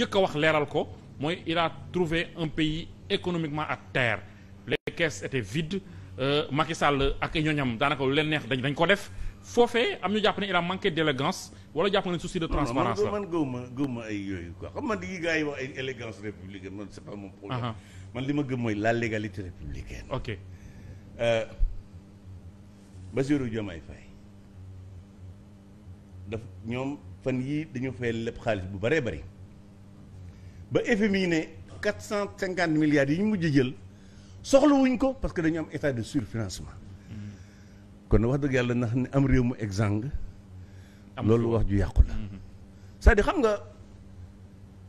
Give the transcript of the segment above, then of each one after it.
njëkk a wax leeral ko mooy il a trouvé un pays économiquement à terre les caisses e vides euh, Macky Sall ak ñooñam daanaka lu leen neex dañ dañ ko def foofee am ñu jàpp ne il a manqué d'élégance wala jàpp nga ne souci de transparence la man gëwma gëwma ay man di yi wax ay élégance républicaine man c'est pas man li ma gëm mooy la légalité républicaine ok euh, Bassirou Diomaye Faye daf ñoom fan yii dañu fay lépp xaalis bu baree bëri ba FMI ne quatre cent cinquante milliards yi ñu mujj jël soxlawuñ ko parce que dañu am état de surfinancement kon wax dëgg yàlla na xam ne am réew mu exsangue loolu wax ju yàqu la mm-hmm. cest à xam nga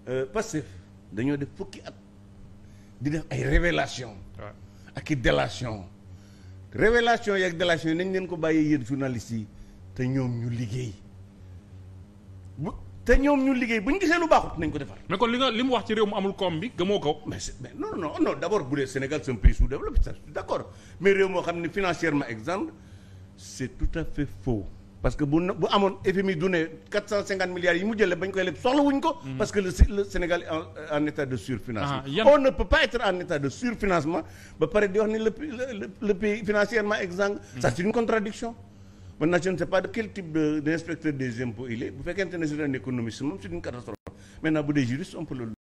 euh, Pastef dañoo def fukki at di def ay révélation ak i délation révélation yi ak délation yi nañ leen ko bàyyee yéen journalistes yi te ñoom ñu liggéey te ñoom ñu liggéey bu ñu gisee lu baaxut nañ ko defar. mais kon li nga li mu wax ci réew mu amul koom bi gëmoo ko. mais mais non non non d' abord bu dee Sénégal c' est un pays sous-développé d' accord mais réew moo xam ne financièrement exemple c' est tout à fait faux. parce que bu bu amoon FMI du ne 450 milliards yi mu jëlee bañ koy leb soxla wuñ ko. Hmm. parce que le le Sénégal en en état de surfinancement. Ah, on ne peut pas être en état de ba pare di wax ni le le le pays financièrement exsangue. ça hmm. maintenant je ne sais pas de quel de d'inspecteur des impôts il est bu fekkente ne c'est un économiste moom c'est une catastrophe maintenant bu dee juriste on